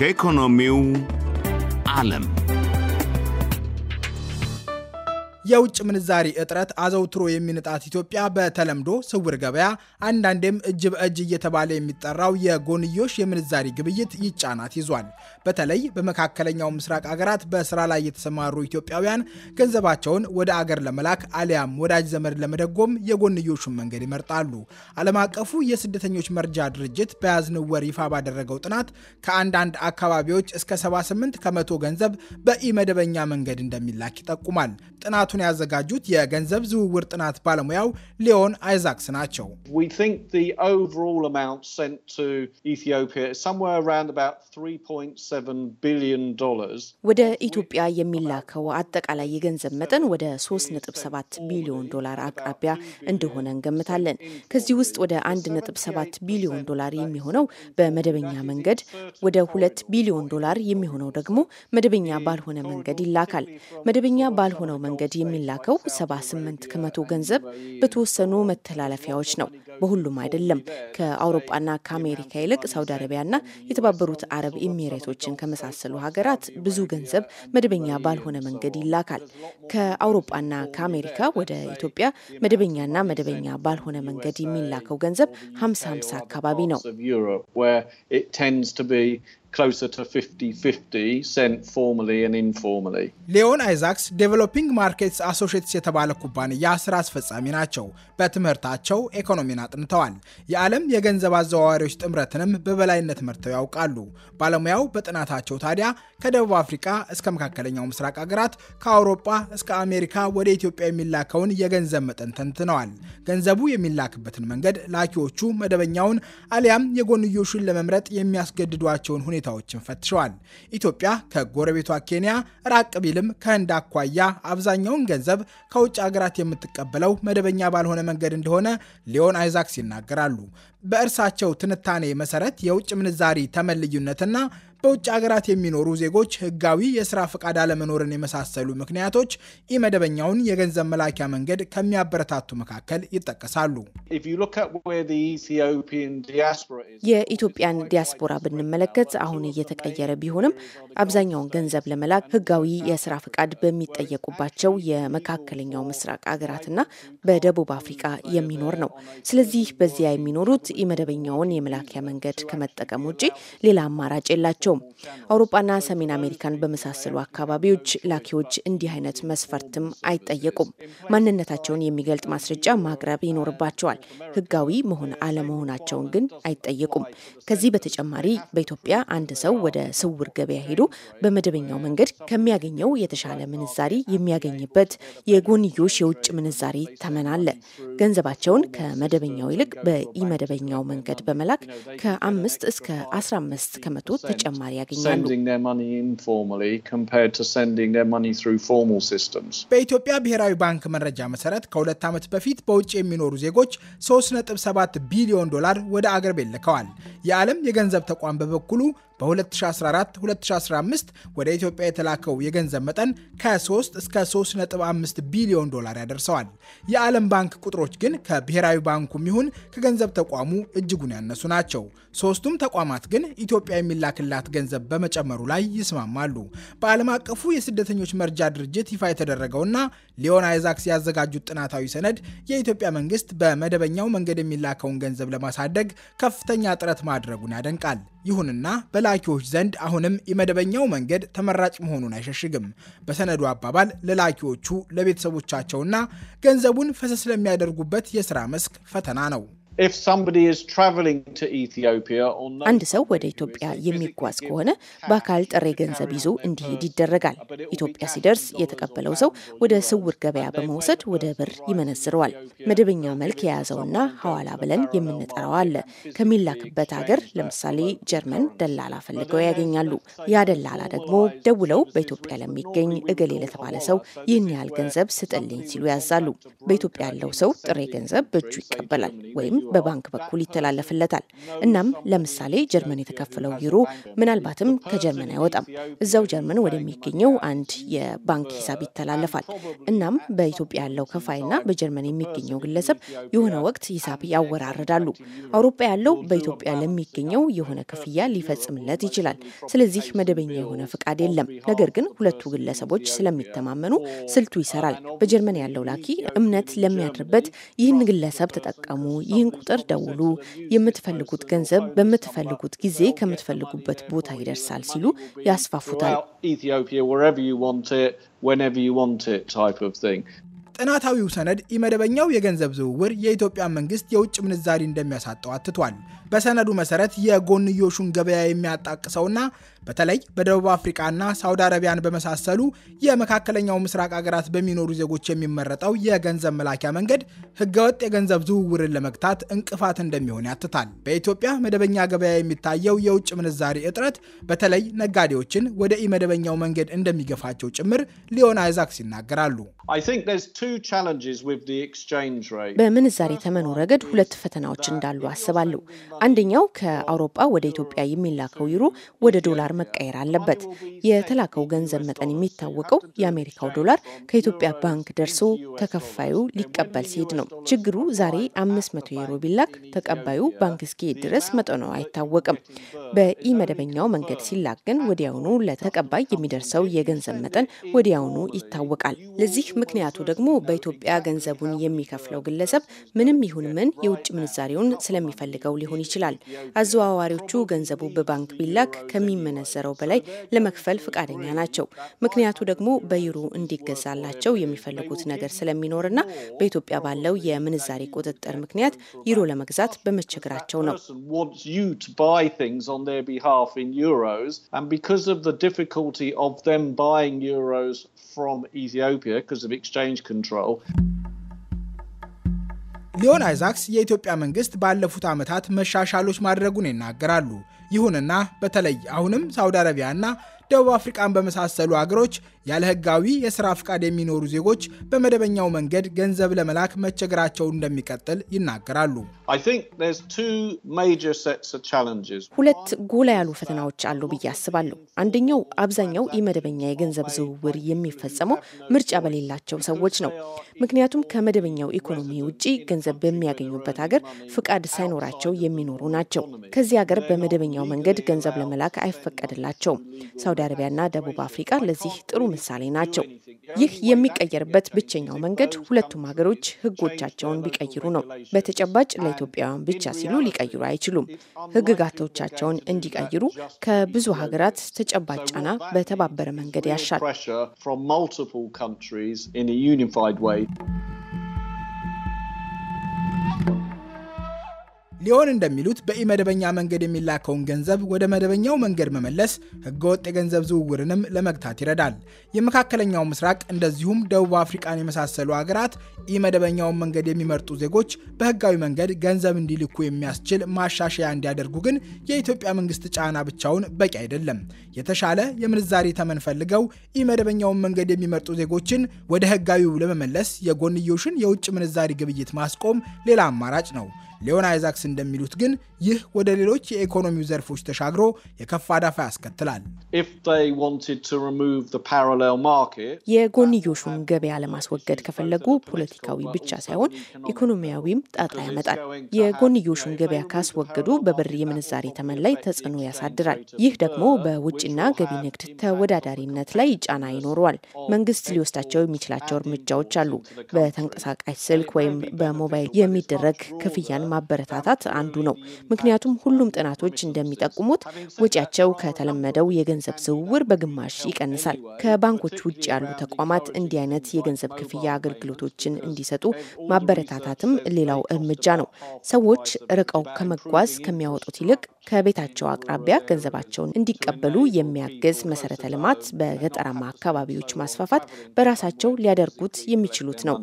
ከኢኮኖሚው ዓለም የውጭ ምንዛሪ እጥረት አዘውትሮ የሚንጣት ኢትዮጵያ በተለምዶ ስውር ገበያ አንዳንዴም እጅ በእጅ እየተባለ የሚጠራው የጎንዮሽ የምንዛሪ ግብይት ይጫናት ይዟል። በተለይ በመካከለኛው ምስራቅ አገራት በስራ ላይ የተሰማሩ ኢትዮጵያውያን ገንዘባቸውን ወደ አገር ለመላክ አሊያም ወዳጅ ዘመድ ለመደጎም የጎንዮሹን መንገድ ይመርጣሉ። ዓለም አቀፉ የስደተኞች መርጃ ድርጅት በያዝነው ወር ይፋ ባደረገው ጥናት ከአንዳንድ አካባቢዎች እስከ 78 ከመቶ ገንዘብ በኢ መደበኛ መንገድ እንደሚላክ ይጠቁማል። ጥናቱን ጥናቱን ያዘጋጁት የገንዘብ ዝውውር ጥናት ባለሙያው ሊዮን አይዛክስ ናቸው። ወደ ኢትዮጵያ የሚላከው አጠቃላይ የገንዘብ መጠን ወደ 3.7 ቢሊዮን ዶላር አቅራቢያ እንደሆነ እንገምታለን። ከዚህ ውስጥ ወደ 1.7 ቢሊዮን ዶላር የሚሆነው በመደበኛ መንገድ፣ ወደ 2 ቢሊዮን ዶላር የሚሆነው ደግሞ መደበኛ ባልሆነ መንገድ ይላካል። መደበኛ ባልሆነው መንገድ የሚላከው 78 ከመቶ ገንዘብ በተወሰኑ መተላለፊያዎች ነው። በሁሉም አይደለም። ከአውሮፓና ከአሜሪካ ይልቅ ሳውዲ አረቢያና የተባበሩት አረብ ኤሚሬቶችን ከመሳሰሉ ሀገራት ብዙ ገንዘብ መደበኛ ባልሆነ መንገድ ይላካል። ከአውሮፓና ከአሜሪካ ወደ ኢትዮጵያ መደበኛና መደበኛ ባልሆነ መንገድ የሚላከው ገንዘብ 50 50 አካባቢ ነው። closer to 50 50 sent formally and informally. ሊዮን አይዛክስ ዴቨሎፒንግ ማርኬትስ አሶሺየትስ የተባለ ኩባንያ ስራ አስፈጻሚ ናቸው። በትምህርታቸው ኢኮኖሚን አጥንተዋል። የዓለም የገንዘብ አዘዋዋሪዎች ጥምረትንም በበላይነት መርተው ያውቃሉ። ባለሙያው በጥናታቸው ታዲያ ከደቡብ አፍሪካ እስከ መካከለኛው ምስራቅ ሀገራት፣ ከአውሮጳ እስከ አሜሪካ ወደ ኢትዮጵያ የሚላከውን የገንዘብ መጠን ተንትነዋል። ገንዘቡ የሚላክበትን መንገድ ላኪዎቹ መደበኛውን አሊያም የጎንዮሹን ለመምረጥ የሚያስገድዷቸውን ሁኔታ ሁኔታዎችን ፈትሸዋል። ኢትዮጵያ ከጎረቤቷ ኬንያ ራቅ ቢልም ከህንድ አኳያ አብዛኛውን ገንዘብ ከውጭ ሀገራት የምትቀበለው መደበኛ ባልሆነ መንገድ እንደሆነ ሊዮን አይዛክስ ይናገራሉ። በእርሳቸው ትንታኔ መሰረት የውጭ ምንዛሪ ተመን ልዩነትና በውጭ ሀገራት የሚኖሩ ዜጎች ህጋዊ የስራ ፈቃድ አለመኖርን የመሳሰሉ ምክንያቶች ኢመደበኛውን የገንዘብ መላኪያ መንገድ ከሚያበረታቱ መካከል ይጠቀሳሉ። የኢትዮጵያን ዲያስፖራ ብንመለከት አሁን እየተቀየረ ቢሆንም አብዛኛውን ገንዘብ ለመላክ ህጋዊ የስራ ፈቃድ በሚጠየቁባቸው የመካከለኛው ምስራቅ ሀገራትና በደቡብ አፍሪካ የሚኖር ነው። ስለዚህ በዚያ የሚኖሩት ኢመደበኛውን የመላኪያ መንገድ ከመጠቀም ውጭ ሌላ አማራጭ የላቸው ናቸው። አውሮፓና ሰሜን አሜሪካን በመሳሰሉ አካባቢዎች ላኪዎች እንዲህ አይነት መስፈርትም አይጠየቁም። ማንነታቸውን የሚገልጥ ማስረጃ ማቅረብ ይኖርባቸዋል። ህጋዊ መሆን አለመሆናቸውን ግን አይጠየቁም። ከዚህ በተጨማሪ በኢትዮጵያ አንድ ሰው ወደ ስውር ገበያ ሄዶ በመደበኛው መንገድ ከሚያገኘው የተሻለ ምንዛሪ የሚያገኝበት የጎንዮሽ የውጭ ምንዛሪ ተመን አለ። ገንዘባቸውን ከመደበኛው ይልቅ በኢመደበኛው መንገድ በመላክ ከአምስት እስከ አስራ አምስት ከመቶ ተጨማ ተጨማሪ ያገኛሉ። በኢትዮጵያ ብሔራዊ ባንክ መረጃ መሰረት ከሁለት ዓመት በፊት በውጭ የሚኖሩ ዜጎች 3.7 ቢሊዮን ዶላር ወደ አገር ቤት ልከዋል። የዓለም የገንዘብ ተቋም በበኩሉ በ2014 2015 ወደ ኢትዮጵያ የተላከው የገንዘብ መጠን ከ3 እስከ 3.5 ቢሊዮን ዶላር ያደርሰዋል። የዓለም ባንክ ቁጥሮች ግን ከብሔራዊ ባንኩም ይሁን ከገንዘብ ተቋሙ እጅጉን ያነሱ ናቸው። ሶስቱም ተቋማት ግን ኢትዮጵያ የሚላክላት ገንዘብ በመጨመሩ ላይ ይስማማሉ። በዓለም አቀፉ የስደተኞች መርጃ ድርጅት ይፋ የተደረገውና ሊዮን አይዛክስ ያዘጋጁት ጥናታዊ ሰነድ የኢትዮጵያ መንግስት በመደበኛው መንገድ የሚላከውን ገንዘብ ለማሳደግ ከፍተኛ ጥረት ማድረጉን ያደንቃል። ይሁንና በላኪዎች ዘንድ አሁንም የመደበኛው መንገድ ተመራጭ መሆኑን አይሸሽግም። በሰነዱ አባባል ለላኪዎቹ ለቤተሰቦቻቸውና ገንዘቡን ፈሰስ ለሚያደርጉበት የሥራ መስክ ፈተና ነው። አንድ ሰው ወደ ኢትዮጵያ የሚጓዝ ከሆነ በአካል ጥሬ ገንዘብ ይዞ እንዲሄድ ይደረጋል። uh, ኢትዮጵያ ሲደርስ የተቀበለው ሰው ወደ ስውር ገበያ በመውሰድ ወደ ብር ይመነዝረዋል። መደበኛ መልክ የያዘውና ሐዋላ ብለን የምንጠራው አለ። ከሚላክበት ሀገር ለምሳሌ ጀርመን ደላላ ፈልገው ያገኛሉ። ያ ደላላ ደግሞ ደውለው በኢትዮጵያ ለሚገኝ እገሌ ለተባለ ሰው ይህን ያህል ገንዘብ ስጥልኝ ሲሉ ያዛሉ። በኢትዮጵያ ያለው ሰው ጥሬ ገንዘብ በእጁ ይቀበላል ወይም በባንክ በኩል ይተላለፍለታል። እናም ለምሳሌ ጀርመን የተከፈለው ዩሮ ምናልባትም ከጀርመን አይወጣም፣ እዛው ጀርመን ወደሚገኘው አንድ የባንክ ሂሳብ ይተላለፋል። እናም በኢትዮጵያ ያለው ከፋይና በጀርመን የሚገኘው ግለሰብ የሆነ ወቅት ሂሳብ ያወራርዳሉ። አውሮፓ ያለው በኢትዮጵያ ለሚገኘው የሆነ ክፍያ ሊፈጽምለት ይችላል። ስለዚህ መደበኛ የሆነ ፍቃድ የለም። ነገር ግን ሁለቱ ግለሰቦች ስለሚተማመኑ ስልቱ ይሰራል። በጀርመን ያለው ላኪ እምነት ለሚያድርበት ይህን ግለሰብ ተጠቀሙ፣ ይህን ቁጥር ደውሉ፣ የምትፈልጉት ገንዘብ በምትፈልጉት ጊዜ ከምትፈልጉበት ቦታ ይደርሳል ሲሉ ያስፋፉታል። ጥናታዊው ሰነድ ኢመደበኛው የገንዘብ ዝውውር የኢትዮጵያ መንግስት የውጭ ምንዛሪ እንደሚያሳጠው አትቷል። በሰነዱ መሰረት የጎንዮሹን ገበያ የሚያጣቅሰውና በተለይ በደቡብ አፍሪካና ሳውዲ አረቢያን በመሳሰሉ የመካከለኛው ምስራቅ አገራት በሚኖሩ ዜጎች የሚመረጠው የገንዘብ መላኪያ መንገድ ህገወጥ የገንዘብ ዝውውርን ለመግታት እንቅፋት እንደሚሆን ያትታል። በኢትዮጵያ መደበኛ ገበያ የሚታየው የውጭ ምንዛሪ እጥረት በተለይ ነጋዴዎችን ወደ ኢመደበኛው መንገድ እንደሚገፋቸው ጭምር ሊዮን አይዛክስ ይናገራሉ። በምንዛሬ ተመኑ ረገድ ሁለት ፈተናዎች እንዳሉ አስባለሁ። አንደኛው ከአውሮፓ ወደ ኢትዮጵያ የሚላከው ዩሮ ወደ ዶላር መቀየር አለበት። የተላከው ገንዘብ መጠን የሚታወቀው የአሜሪካው ዶላር ከኢትዮጵያ ባንክ ደርሶ ተከፋዩ ሊቀበል ሲሄድ ነው። ችግሩ ዛሬ 500 ዩሮ ቢላክ ተቀባዩ ባንክ እስኪሄድ ድረስ መጠኑ አይታወቅም። በኢመደበኛው መንገድ ሲላክ ግን ወዲያውኑ ለተቀባይ የሚደርሰው የገንዘብ መጠን ወዲያውኑ ይታወቃል። ለዚህ ምክንያቱ ደግሞ በኢትዮጵያ ገንዘቡን የሚከፍለው ግለሰብ ምንም ይሁን ምን የውጭ ምንዛሬውን ስለሚፈልገው ሊሆን ይችላል። አዘዋዋሪዎቹ ገንዘቡ በባንክ ቢላክ ከሚመነዘረው በላይ ለመክፈል ፈቃደኛ ናቸው። ምክንያቱ ደግሞ በዩሮ እንዲገዛላቸው የሚፈልጉት ነገር ስለሚኖርና በኢትዮጵያ ባለው የምንዛሬ ቁጥጥር ምክንያት ዩሮ ለመግዛት በመቸገራቸው ነው። difficulty ሊዮን አይዛክስ የኢትዮጵያ መንግስት ባለፉት ዓመታት መሻሻሎች ማድረጉን ይናገራሉ። ይሁንና በተለይ አሁንም ሳውዲ አረቢያና ደቡብ አፍሪቃን በመሳሰሉ አገሮች ያለ ህጋዊ የስራ ፍቃድ የሚኖሩ ዜጎች በመደበኛው መንገድ ገንዘብ ለመላክ መቸገራቸው እንደሚቀጥል ይናገራሉ። ሁለት ጎላ ያሉ ፈተናዎች አሉ ብዬ አስባለሁ። አንደኛው አብዛኛው የመደበኛ የገንዘብ ዝውውር የሚፈጸመው ምርጫ በሌላቸው ሰዎች ነው። ምክንያቱም ከመደበኛው ኢኮኖሚ ውጪ ገንዘብ በሚያገኙበት ሀገር ፍቃድ ሳይኖራቸው የሚኖሩ ናቸው። ከዚህ ሀገር በመደበኛው መንገድ ገንዘብ ለመላክ አይፈቀድላቸውም። ሳውዲ አረቢያና ደቡብ አፍሪቃ ለዚህ ጥሩ ምሳሌ ናቸው። ይህ የሚቀየርበት ብቸኛው መንገድ ሁለቱም ሀገሮች ህጎቻቸውን ቢቀይሩ ነው። በተጨባጭ ለኢትዮጵያውያን ብቻ ሲሉ ሊቀይሩ አይችሉም። ህግጋቶቻቸውን እንዲቀይሩ ከብዙ ሀገራት ተጨባጭ ጫና በተባበረ መንገድ ያሻል። ሊሆን እንደሚሉት በኢመደበኛ መንገድ የሚላከውን ገንዘብ ወደ መደበኛው መንገድ መመለስ ህገወጥ የገንዘብ ዝውውርንም ለመግታት ይረዳል። የመካከለኛው ምስራቅ እንደዚሁም ደቡብ አፍሪቃን የመሳሰሉ ሀገራት ኢመደበኛውን መንገድ የሚመርጡ ዜጎች በህጋዊ መንገድ ገንዘብ እንዲልኩ የሚያስችል ማሻሻያ እንዲያደርጉ ግን የኢትዮጵያ መንግስት ጫና ብቻውን በቂ አይደለም። የተሻለ የምንዛሬ ተመን ፈልገው ኢመደበኛውን መንገድ የሚመርጡ ዜጎችን ወደ ህጋዊው ለመመለስ የጎንዮሽን የውጭ ምንዛሪ ግብይት ማስቆም ሌላ አማራጭ ነው። ሊዮን አይዛክስ እንደሚሉት ግን ይህ ወደ ሌሎች የኢኮኖሚው ዘርፎች ተሻግሮ የከፋ አዳፋ ያስከትላል። የጎንዮሹን ገበያ ለማስወገድ ከፈለጉ ፖለቲካዊ ብቻ ሳይሆን ኢኮኖሚያዊም ጣጣ ያመጣል። የጎንዮሹን ገበያ ካስወገዱ በብር የምንዛሬ ተመን ላይ ተጽዕኖ ያሳድራል። ይህ ደግሞ በውጭና ገቢ ንግድ ተወዳዳሪነት ላይ ጫና ይኖረዋል። መንግስት ሊወስዳቸው የሚችላቸው እርምጃዎች አሉ። በተንቀሳቃሽ ስልክ ወይም በሞባይል የሚደረግ ክፍያን ማበረታታት ጥናት አንዱ ነው። ምክንያቱም ሁሉም ጥናቶች እንደሚጠቁሙት ወጪያቸው ከተለመደው የገንዘብ ዝውውር በግማሽ ይቀንሳል። ከባንኮች ውጭ ያሉ ተቋማት እንዲህ አይነት የገንዘብ ክፍያ አገልግሎቶችን እንዲሰጡ ማበረታታትም ሌላው እርምጃ ነው። ሰዎች ርቀው ከመጓዝ ከሚያወጡት ይልቅ ከቤታቸው አቅራቢያ ገንዘባቸውን እንዲቀበሉ የሚያግዝ መሰረተ ልማት በገጠራማ አካባቢዎች ማስፋፋት በራሳቸው ሊያደርጉት የሚችሉት ነው።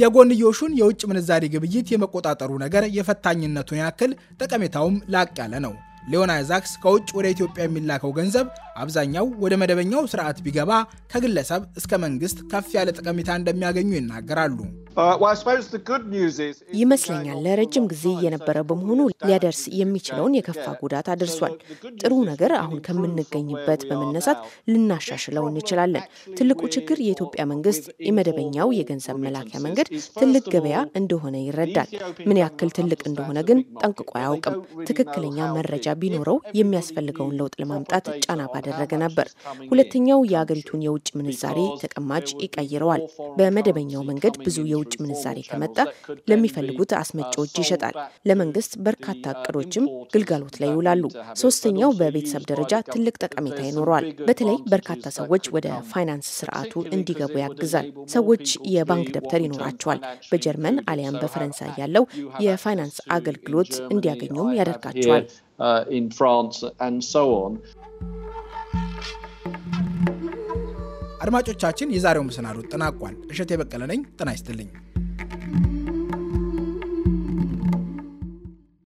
የጎንዮሹን የውጭ ምንዛሪ ግብይት የመቆጣጠሩ ነገር የፈታኝነቱን ያክል ጠቀሜታውም ላቅ ያለ ነው። ሊዮና ዛክስ ከውጭ ወደ ኢትዮጵያ የሚላከው ገንዘብ አብዛኛው ወደ መደበኛው ስርዓት ቢገባ ከግለሰብ እስከ መንግስት ከፍ ያለ ጠቀሜታ እንደሚያገኙ ይናገራሉ። uh, ይመስለኛል ለረጅም ጊዜ እየነበረ በመሆኑ ሊያደርስ የሚችለውን የከፋ ጉዳት አድርሷል። ጥሩ ነገር አሁን ከምንገኝበት በመነሳት ልናሻሽለው እንችላለን። ትልቁ ችግር የኢትዮጵያ መንግስት የመደበኛው የገንዘብ መላኪያ መንገድ ትልቅ ገበያ እንደሆነ ይረዳል። ምን ያክል ትልቅ እንደሆነ ግን ጠንቅቆ አያውቅም። ትክክለኛ መረጃ ቢኖረው የሚያስፈልገውን ለውጥ ለማምጣት ጫና እያደረገ ነበር። ሁለተኛው የአገሪቱን የውጭ ምንዛሬ ተቀማጭ ይቀይረዋል። በመደበኛው መንገድ ብዙ የውጭ ምንዛሬ ከመጣ ለሚፈልጉት አስመጪዎች ይሸጣል። ለመንግስት በርካታ እቅዶችም ግልጋሎት ላይ ይውላሉ። ሶስተኛው በቤተሰብ ደረጃ ትልቅ ጠቀሜታ ይኖረዋል። በተለይ በርካታ ሰዎች ወደ ፋይናንስ ስርዓቱ እንዲገቡ ያግዛል። ሰዎች የባንክ ደብተር ይኖራቸዋል። በጀርመን አሊያም በፈረንሳይ ያለው የፋይናንስ አገልግሎት እንዲያገኙም ያደርጋቸዋል። uh, in France and so on. አድማጮቻችን፣ የዛሬው መሰናዶ ተጠናቋል። እሸት የበቀለ ነኝ። ጤና ይስጥልኝ።